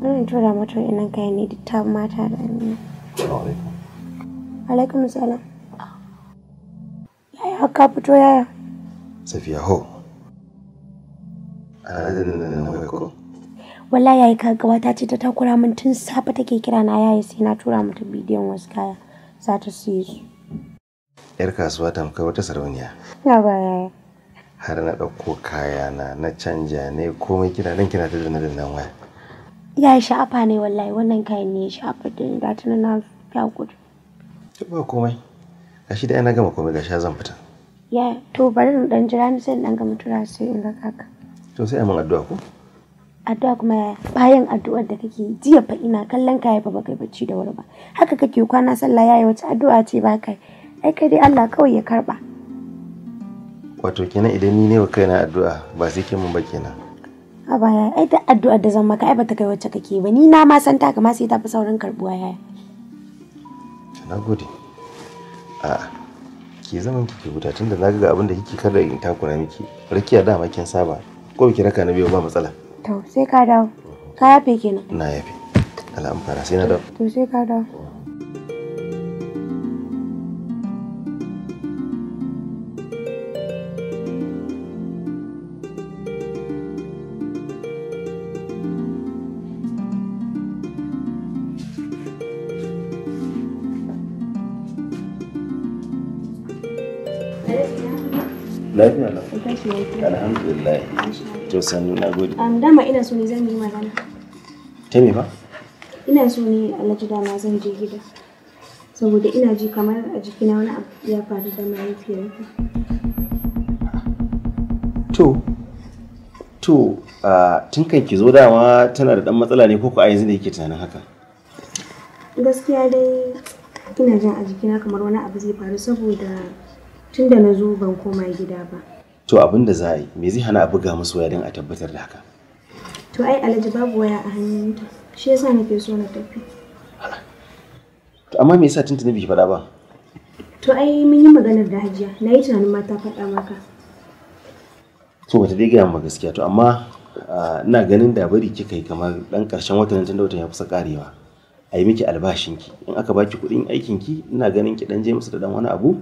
Barin tura mata wa'innan kayan ne duk ta mata da amina. Alaikum salam. Yaya ka fito yaya? Safiya ho. Wala yayi ka gawa ta ce ta takura min tun safe take kira na yayi sai na tura mata bidiyon wasu kaya za ta siye su. Yar kasuwa tamkar wata sarauniya. Na ba yaya. Har na ɗauko kayana na canja ne komai kina nan kina ta danna dannan waya. ya sha'afa ne wallahi wannan kayan ne ya sha'afa da ni ga tunan na ya gudu ba komai gashi da yana gama komai gashi zan fita ya to bari in dan jira ni sai in dan gama tura sai in ga kaka to sai a mun addu'a ko addu'a kuma yaya bayan addu'ar da kake jiya fa ina kallon ka fa baka bacci da wuri ba haka kake kwana sallah yayi wata addu'a ce ba kai ai kai dai Allah kawai ya karba wato kenan idan ni ne wa kaina addu'a ba sai ke mun ba kenan a yaya ai da addu'ar da zan maka ai bata kai wacce kake ba ni na ma san ta ma sai ta fi saurin karbuwa yaya na gode a'a ke zaman kike wuta tunda na ga abinda da kike kada in takura miki rakiya dama kin saba ko biki raka na biyu ba matsala to sai ka dawo ka yafe kenan na yafe alhamdulillah sai na dawo to sai ka dawo lafiya na alhamdulillah to sannu na gode dama ina so ne zan yi magana ta me ba ina so ne alhaji dama zan je gida saboda ina ji kamar a jikina wani abu ya faru da mahaifiyarka to to tun kan ki zo dama tana da dan matsala ne ko ko a yanzu ne yake tunanin haka gaskiya dai ina jin a jikina kamar wani abu zai faru saboda Tunda na zo ban koma gida ba. To abin da za a yi, me zai hana a buga musu waya don a tabbatar da haka? To ai Alhaji babu waya a hannunta, shi yasa nake so na tafi. To amma me yasa tuntuni bai faɗa ba? To ai mun yi maganar da Hajiya, na yi tunanin mata ta faɗa maka. To bata dai gaya gaskiya to amma ina ganin da bari kika yi kamar dan karshen watan nan da watan ya kusa karewa. A yi miki albashinki, in aka baki kuɗin aikinki ina ganin ki dan je musu da dan wani abu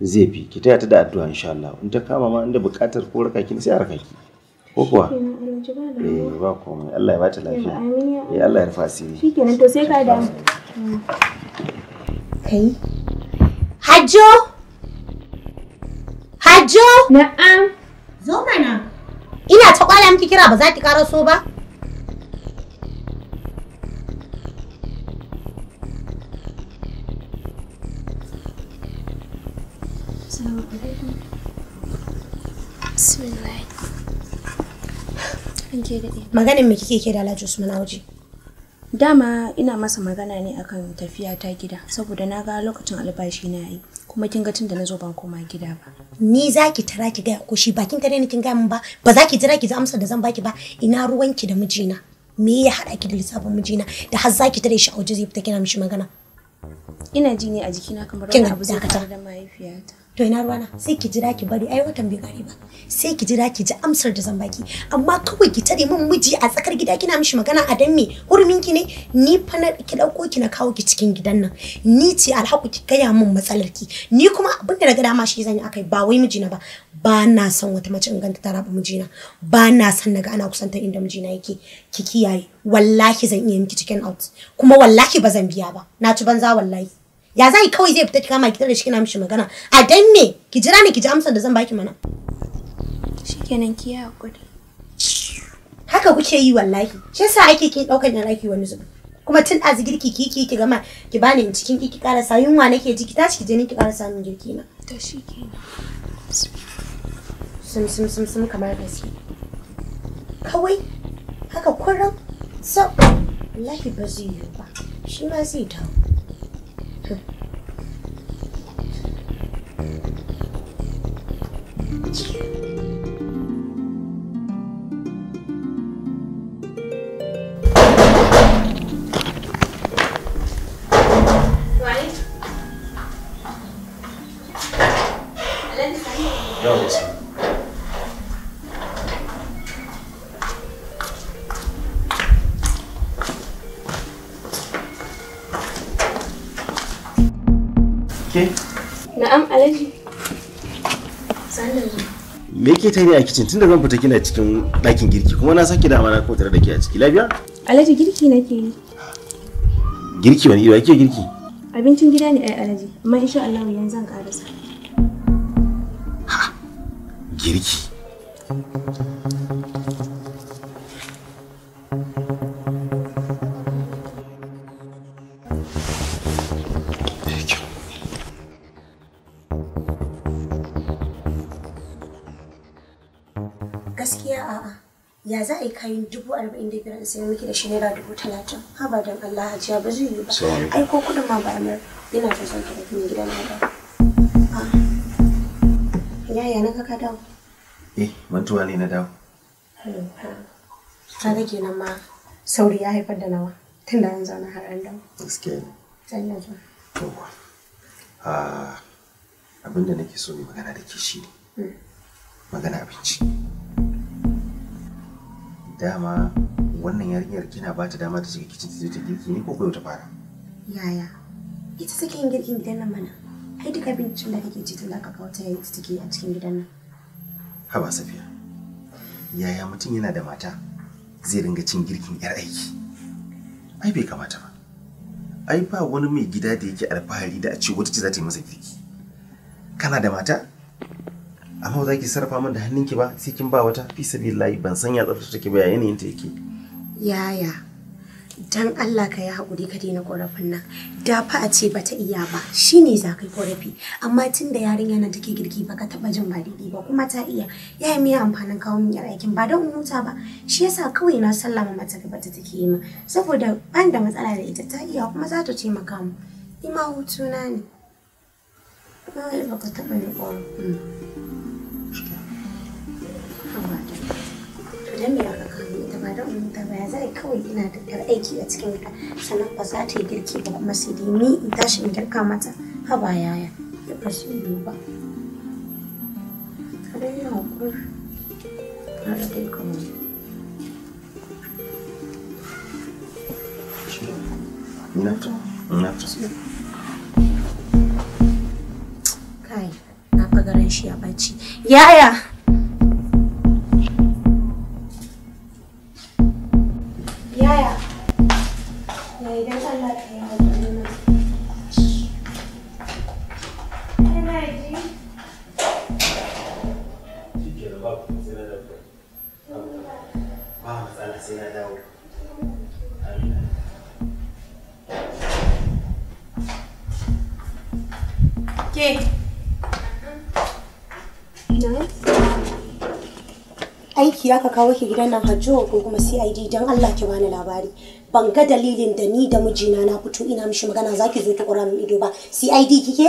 zai fi ki taya ta da addu'a insha Allah in ta kama ma inda buƙatar ko raka ki sai a raka ki ko kuwa eh ba komai Allah ya bata lafiya eh Allah ya rufa asiri shikenan to sai ka da kai Hajjo Hajjo na'am zo mana ina ta kwala miki kira ba za ki karaso ba Maganin me kike ke da Alhaji Usman Auji? Dama ina masa magana ne akan tafiya ta gida saboda na ga lokacin albashi na yi kuma kin ga tunda nazo ban koma gida ba. Ni zaki tara ki ga ko shi bakin tare ni kin ga min ba ba za jira ki amsa da zan baki ba ina ruwan ki da mijina. Me ya haɗa ki da lissafin mijina da har zaki tare shi a waje zai fita kina mishi magana. Ina ji ne a jikina kamar wani abu zai fitar da mahaifiyata. to ina ruwana sai ki jira ki bari ai watan bai kare ba sai ki jira ki ji amsar da zan baki amma kawai ki tare min miji a tsakar gida kina mishi magana a dan me hurumin ki ne ni fa na ki dauko ki na kawo ki cikin gidan nan ni ce alhaku ki gaya min matsalar ki ni kuma abin da na ga dama shi zan yi akai ba wai mijina ba ba na son wata mace in ganta ta raba na ba na son naga ana kusanta inda mijina yake ki kiyaye wallahi zan iya miki chicken out kuma wallahi ba zan biya ba na ci banza wallahi ya zai kawai zai fita ki kama ki tare shi kina mishi magana a dan me ki jira ni ki ji amsar da zan baki mana shikenan ki ya hakuri haka kuke yi wallahi shi yasa ake ke daukar da raki wani zubi kuma tun a girki ki ki ki gama ki bani in cikin ki ki karasa yunwa nake ji ki tashi ki je ni ki karasa min girki na to shikenan sum sum sum sum kamar da gaske kawai haka kurin so wallahi ba zai yiwu ba shi ma zai dawo 그 음. ta yi ne a kicin tunda zan fita kina cikin ɗakin girki kuma na saki dama na kotar da ke a ciki lafiya? Alhaji girki nake yi. Girki wani iya ake girki? Abincin gida ne ai Alhaji amma insha Allah yanzu zan ƙarasa. Ha girki. ya za a yi kayan dubu arba'in da biyar sai miki da shi naira dubu talatin haba don Allah hajiya ba zai yi ba ai ko kudin ma ba amir yana ta son kira kuma gidan ah. na ya ya na kaka dawo eh mantuwa ne na dawo ta rage kenan ma sauri ya haifar da nawa tun da an zauna har an dawo gaskiya ne zan yi zuwa yawwa ah, nake so ne magana da ke shi ne hmm. magana abinci dama wannan yarinyar kina ba ta dama ta shiga kicin ta je ta girki ne ko koyo ta fara yaya ita take yin girkin gidan nan mana ai duka bincin da kake ci tun da aka kawo ta yayin take a cikin gidan nan haba safiya yaya mutum yana da mata zai ringa cin girkin yar aiki ai bai kamata ba ai ba wani mai gida da yake alfahari da a ce wata ce za ta yi masa girki kana da mata amma za ki sarrafa min da hannunki ba sai kin ba wata fi sabilillahi ban san ya tsafta take ba yayin ta yake yaya dan Allah ka yi hakuri ka daina korafin nan da fa a ce bata iya ba shine za ka korafi amma tun da yarinya nan take girki baka taba jin ba daidai ba kuma ta iya ya yi miya amfanin kawo min yarakin ba don wuta ba shi yasa kawai na sallama mata gaba ta take yi min saboda ban da matsala da ita ta iya kuma za ta ce maka mu ima hutuna ne ba ka taba ni ba. dan me aka ita ba da umma ba ya zai kawai yana da yar aiki a cikin gida sannan ba za ta yi girki ba kuma sai dai ni in tashi in girka mata ha ba yaya ya ba shi duba kada yin hakuri na dai kawai Kai, na fagaran shi a bacci. Yaya! ya ka kawo ki gidan nan hajjo ko kuma CID dan Allah ki bani labari ban ga dalilin da ni da mijina na fito ina mishi magana zaki zo ta kura min ido ba CID kike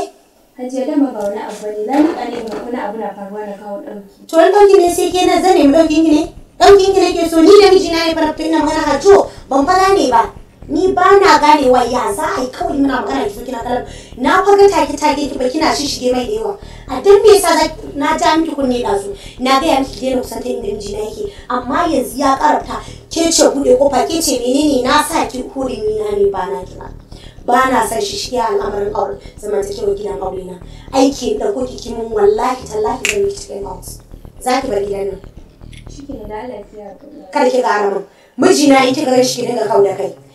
Hajiya dama ba wani abu ne na ni kare mu wani abu na faruwa da kawo dauki to wani dauki ne sai ke nan zane mu dauki ne dauki ne ke so ni da mijina ne farafta ina magana hajjo ban fara ne ba ni ba na ganewa ya za a yi kawai muna magana da kina kalam na faga take take ki ba kina shishige mai da yawa a duk me yasa na ja miki kunne da su na ga yanki je daina kusan ta inda miji na yake amma yanzu ya karanta ke ce bude kofa ke ce menene na sa ki ni na ne ba na kina ba na san shishige a al'amarin aure wa gidan aure na aiki da ko ki mun wallahi tallahi zan miki cikin out zaki bar gidan nan shike da lafiya kada ki ga mun mijina in kika ga shi ki dinga kauda kai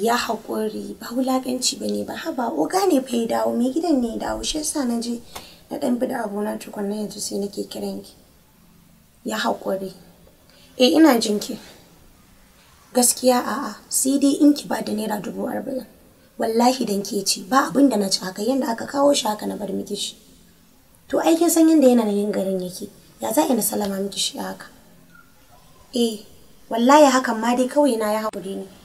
ya haƙuri ba wulaƙanci ba ne ba haba oga ne fa ya dawo mai gidan ne ya dawo shi yasa na je na ɗan bi da abona tukunna yanzu sai nake kiran ki ya haƙuri eh ina jin ki gaskiya a'a sai dai in ki ba da naira dubu arba'in wallahi dan ke ci. ba abin da na ci haka yanda aka kawo shi haka na bar miki shi to ai kin san yanda yana yin garin yake ya za na salama miki shi haka eh wallahi hakan ma dai kawai na ya haƙuri ne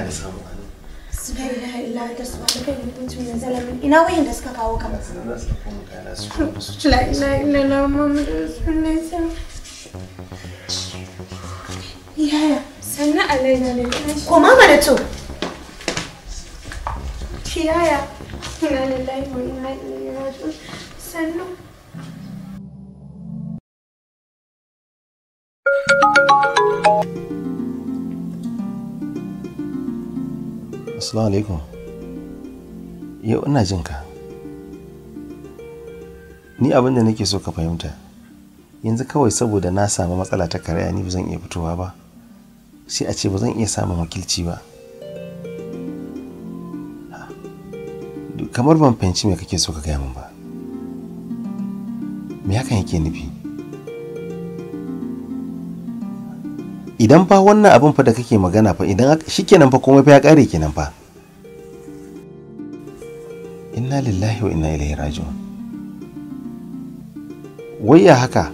yaya na samu anan subhanallahi ina wayan da suka kawo kama sanan na suka yaya thank you Assalamu alaikum. Yau ina jin ka. Ni abin da nake so ka fahimta. Yanzu kawai saboda na samu matsala ta karaya ni ba zan iya fitowa ba. Sai a ce ba zan iya samun wakilci ba. Kamar ban fahimci me kake so ka gaya min ba. Me hakan yake nufi? idan fa wannan abin fa da kake magana fa idan shikenan fa komai fa ya kare kenan fa inna lillahi wa inna ilaihi raji'un wai ya haka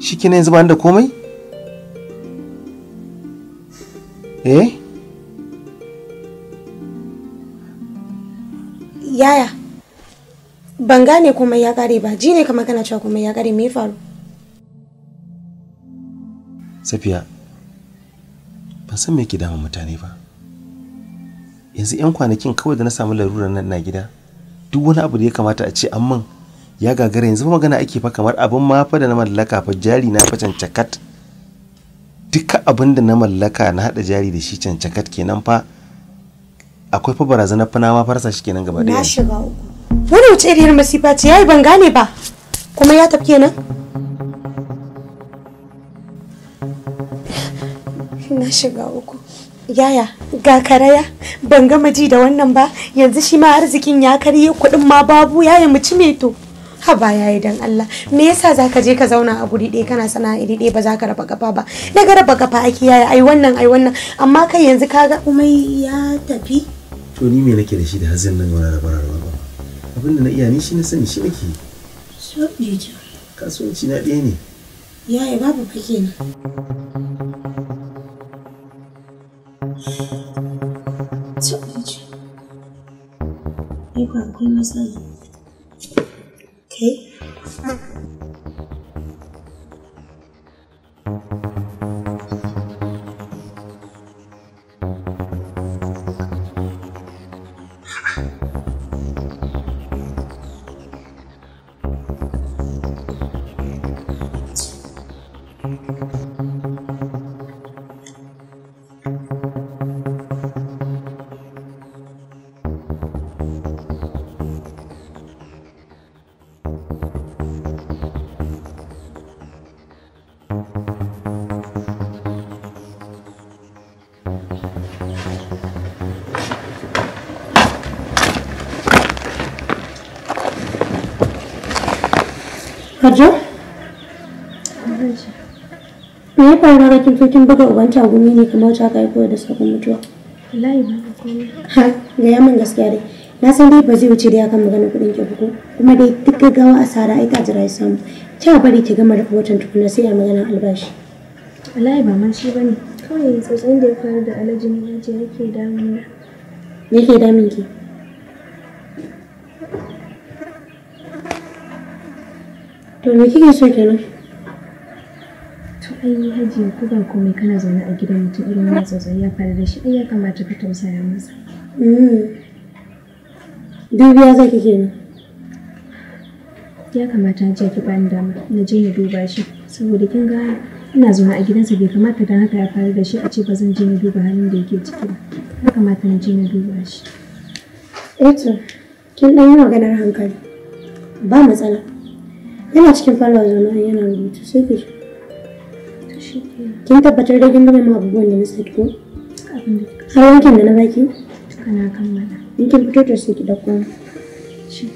shikenan yanzu ba da komai eh yaya ban gane komai ya kare ba ji ne kamar kana cewa komai ya kare me faru safiya ban san me ke damun mutane ba yanzu 'yan kwanakin kawai da na samu larurar nan na gida duk wani abu da ya kamata a ce amman ya gagara yanzu magana ake fa kamar abin ma fa da na mallaka fa jari na fa cancakat duka abin da na mallaka na hada jari da shi cancakat kenan fa akwai fa barazana fa na ma farsa shi kenan gaba ɗaya na shiga uku wani wuce iriyar masifa ce yayi ban gane ba kuma ya tafi kenan na shiga uku yaya ga karaya ban gama ji da wannan ba yanzu shi ma arzikin ya karye kuɗin ma babu yaya mu ci me to ha ba yayi dan Allah me yasa zaka je ka zauna a guri ɗaya kana sana'a iri ɗaya ba zaka raba kafa ba daga raba kafa ake yaya ai wannan ai wannan amma kai yanzu ka ga. umai ya tafi to ni me nake da shi da hazin nan wani raba raba ba abinda na iya ni shi na sani shi nake kasuwanci na ɗaya ne yaya babu fake ne 걸리고 안 걸리면서 오케이? Hajja? Me ya faru na kin kin buga uban tagumi ne kamar ta kai koyar da sakon mutuwa? Wallahi ba ka komai. Ha, ga yamin gaskiya dai. Na san dai ba zai wuce dai kan maganar kuɗin ki ko kuma dai duk gaggawa asara ai ta jira ya samu. Kya bari ki gama rufe watan tukuna sai a magana albashi. Wallahi ba ma shi bane. Kawai tsotsin da ya faru da alhaji ne ya yake damu. Yake damin ki? To me kike so kenan? To ai haji ko ba komai kana zaune a gidan mutum irin wannan tsautsayi ya fara da shi ai ya kamata ka tausaya masa. Mm. Dubiya za ki kenan. Ya kamata haji ki bani dama na je na duba shi saboda kin ga ina zaune a gidansa bai kamata dan haka ya faru da shi a ce ba zan je na duba halin da yake ciki ba. Ya kamata na je na duba shi. Eh to kin dan yi maganar hankali. Ba matsala. yana cikin fara zaune yana rubutu sai ke shi kin tabbatar da kin gama abubuwan da na saki har wankin da na baki kana kammala in fito da sai ki dauko shi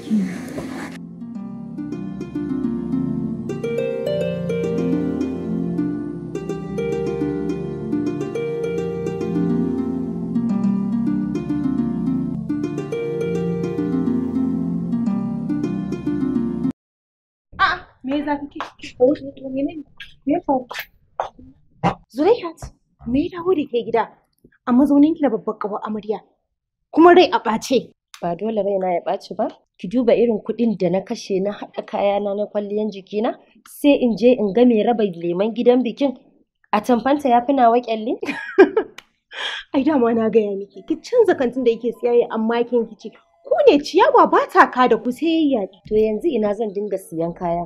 me zafi ki me faru Zulaihat ke gida a mazauninki da babbar kawar amarya kuma rai a ɓace ba dole raina ya ɓaci ba ki duba irin kuɗin da na kashe na haɗa kayana na kwalliyan jikina sai in je in ga mai raba leman gidan bikin a tamfanta ya fi wa kyalli ai dama na gaya miki ki canza kantin da yake siyayya amma kin kici ku ne ciyawa ba ta ka da ku sai yayi to yanzu ina zan dinga siyan kaya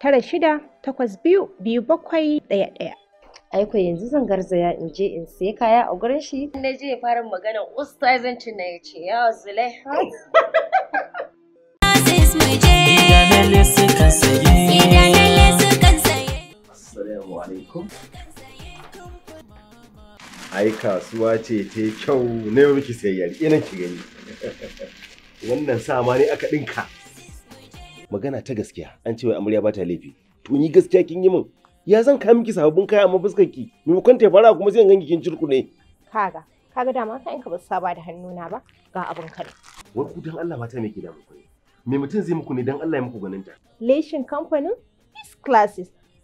tara shida takwas biyu biyu bakwai ɗaya ɗaya. Aiko yanzu zan garzaya in je in sai kaya a gurin shi. Na je fara magana ustazancin na ya ce yawa zulai. Assalamu alaikum. Ai kasuwa ce ta kyau na yau miki sayar ina ki gani. Wannan sama ne aka ɗinka. magana ta gaskiya an ce wai amarya ba ta laifi to ni gaskiya kin yi min ya zan kai miki sababbin kaya amma fuskar ki maimakon ta fara kuma sai ganki kin ne. kaga kaga dama ka in ka basu saba da hannuna ba ga abin kare wa ku dan Allah mata me ke da muku ne me mutum zai muku ne dan Allah ya muku ganin ta leshin kamfanin class classes